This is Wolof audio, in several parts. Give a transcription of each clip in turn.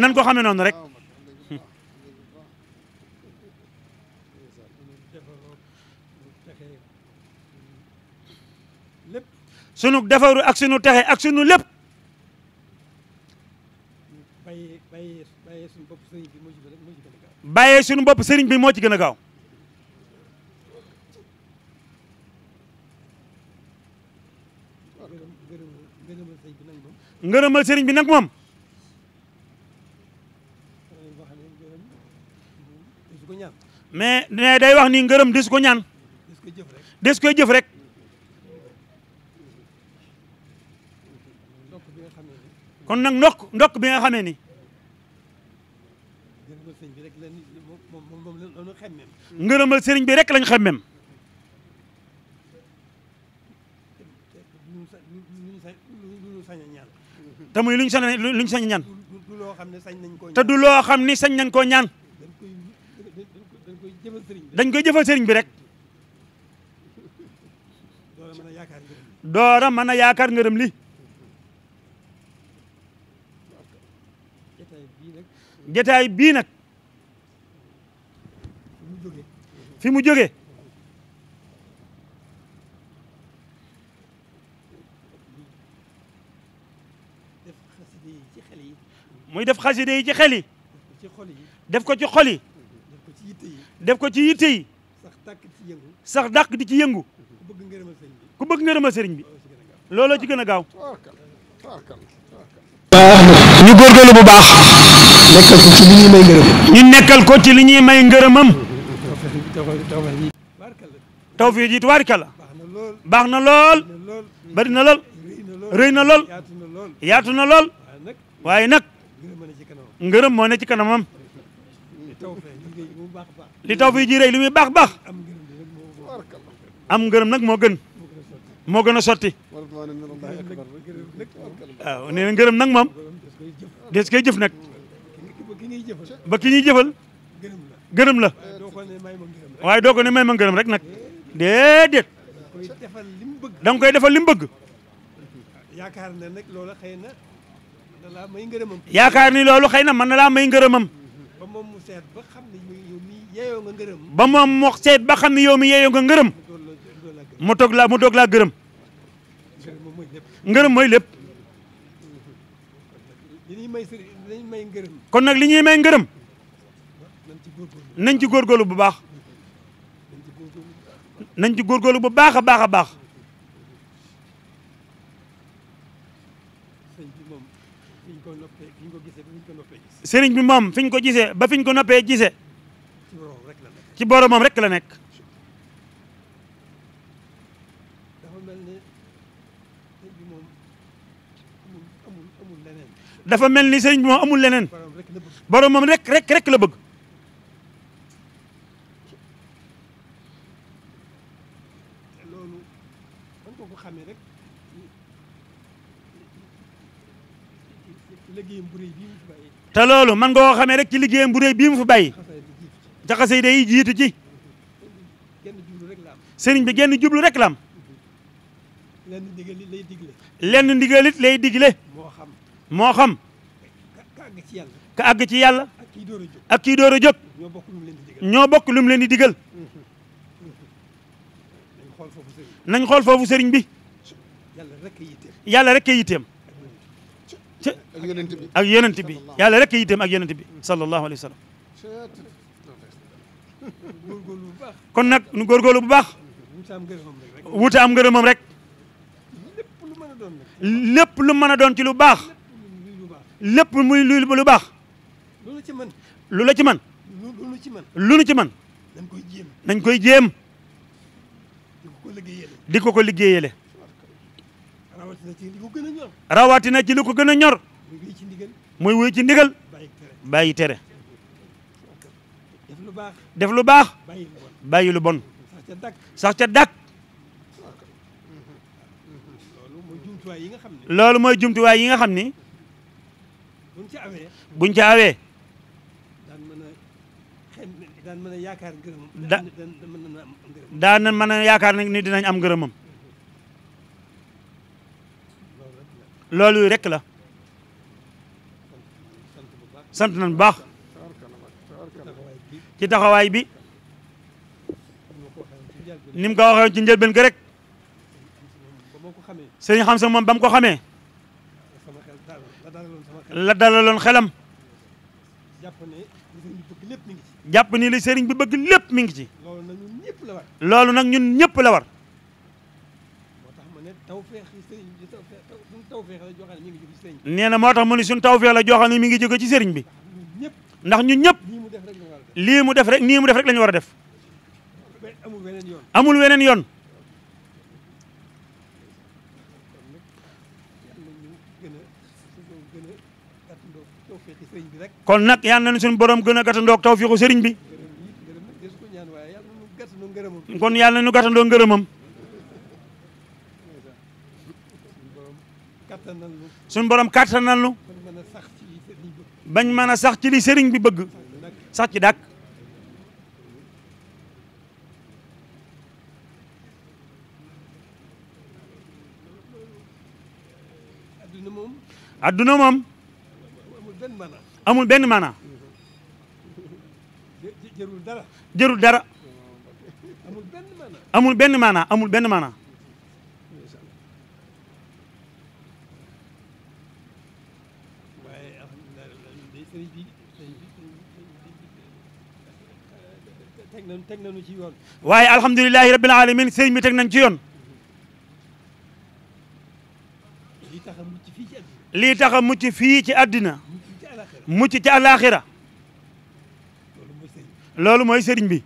nan ko xamee noonu rek sunu defaru ak sunu texe ak sunu lépp bàyyee sunu bopp sëriñ bi moo ci gën a gaaw ngërëmal sëriñ bi nag moom mais ne day wax nii ngërëm des ko ñaan des koy jëf rek kon nag ndokk ndokk bi nga xamee ni ngërëmal sëriñ bi rek lañ xemmem te muy luñ sañ luñ sañ ñaan te du loo xam ni sañ nañ koo ñaan dañ koy jëfal sëriñ bi rek doora mën a yaakaar ngërëm li jataay bii nag fi mu jóge muy def xaside yi ci xel def ko ci xol yi def ko ci yitte yi sax dàkk di ci yëngu sax dàkk di ci yëngu ku bëgg ngërëmal sëriñ bi ku bëgg ngërëmal sëriñ bi looloo ci gën a gaaw ñu góorgóorlu bu baax nekkal ko ci li ñuy may ngërëm ñu nekkal ko ci li ñuy may ngërëmam tawfiix ji tubaarikàlla baax na lool bari na lool rëy na lool yaatu na lool waaye nag ngërëm moo ne ci kanamam li taw fii ji rëy li muy baax baax am ngërëm nag moo gën moo gën a sotti ne nee na ngërëm nag moom des koy jëf nag ba ki ñuy jëfal gërëm la waaye doo ko ne may ma ngërëm rek nag déedéet da nga koy defal li mu bëgg yaakaar ni loolu xëy na mën na laa may ngërëmam ba moom mu seet ba xam ne yow mi yeeyoo nga ngërëm. mu seet ba xam ne yow mi yeeyoo nga ngërëm. mu laa mu laa gërëm. ngërëm mooy lépp. kon nag li ñuy may ngërëm. nañ ci góorgóorlu bu baax. nañ ci góorgóorlu bu baax a baax a baax. sëriñ bi moom fi ko gisee ba fiñ ñu ko noppee gisee ci moom rekk la nekk. dafa mel ni sëriñ bi moom amul leneen boromam moom rek rek la bëgg. te loolu man nga koo xamee rek ci liggéeyam bu réy bii mu fi bàyyi jaxase day jiitu ci sëriñ bi genn jublu rek la am lenn ndigalit lay digle lenn moo xam moo xam ka àgg ci yàlla àgg ci yàlla ak kii door ñoo bokk lu mu leen di di digal nañ xool foofu sëriñ bi yàlla rek a yitteem ak yonent bi yàlla rek yitteem ak yonent bi sallallahu alayhi wa kon nag nu góorgóorlu bu baax wute am ngërëmam rek lépp lu mën a doon ci lu baax lépp muy luy lu baax lu la ci mën lu la ci mën lu nu ci koy jéem di ko ko liggéeyale rawatina ci li ko gën a ñor muy wéy ci ndigal bàyyi tere def lu baax bàyyi lu bon sax ca dàkk loolu mooy jumtuwaay yi nga xam ni buñ ca awee daan mën a yaakaar ngërëmam daan mën yaakaar nag ni dinañ am ngërëmam loolu rek la sant nañ bu baax ci taxawaay bi ni mu ko waxee ci njëlbeen gi rek sëñ xam sa moom ba mu ko xamee la dalaloon xelam jàpp ni li sëriñ bi bëgg lépp mi ngi ci loolu nag ñun ñëpp la war nee na moo tax mu ne suñu tawfeex la joo xam ne mi ngi jóge ci sëriñ bi ndax ñun ñëpp lii mu def rek nii mu def rek la ñu war a def amul weneen yoon kon nag yal nañu suñu borom gën a gàttandoog tawfeexu sëriñ bi kon yal nu gàttandoo ngërëmam suñ boroom kàttanal nu bañ mën a sax ci li bi bëgg sax ci dàkk adduna moom amul benn maanaa amul benn maanaa alhamdulilah rabbil alamin ci yoon waaye alhamdulilah rabbil alamin sëriñ bi teg nañ ci yoon lii tax a mucc fii ci àddina mucc ci àddina mucc loolu mooy sëriñ bi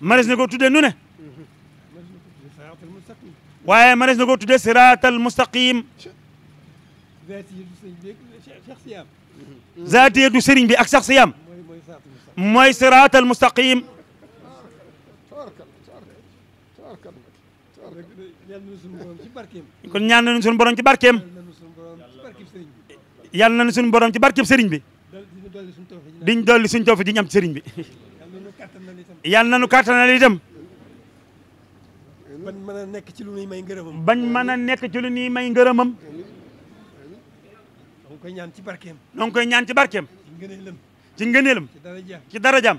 maris na ko tudde ne waaye mënees na ko tudde siraatal mustaqim zaatiye du sëriñ bi ak sax siyam mooy siraatal mustaqim kon ñaan nañu suñu borom ci barkeem yàlla nañu suñu borom ci barkeem sëriñ bi diñ dolli suñu tawfi ji ñu am ci sëriñ bi yàlla nañu kàttanal itam bañ mën a nekk ci lu nuy may ngërëmam. bañ mën a nekk ci lu may ngërëmam. noo ngi koy ñaan ci barkeem. noo ngi koy ñaan ci barkeem. ci ngëneelam. ci ngëneelam. ci darajaam ci darajaam.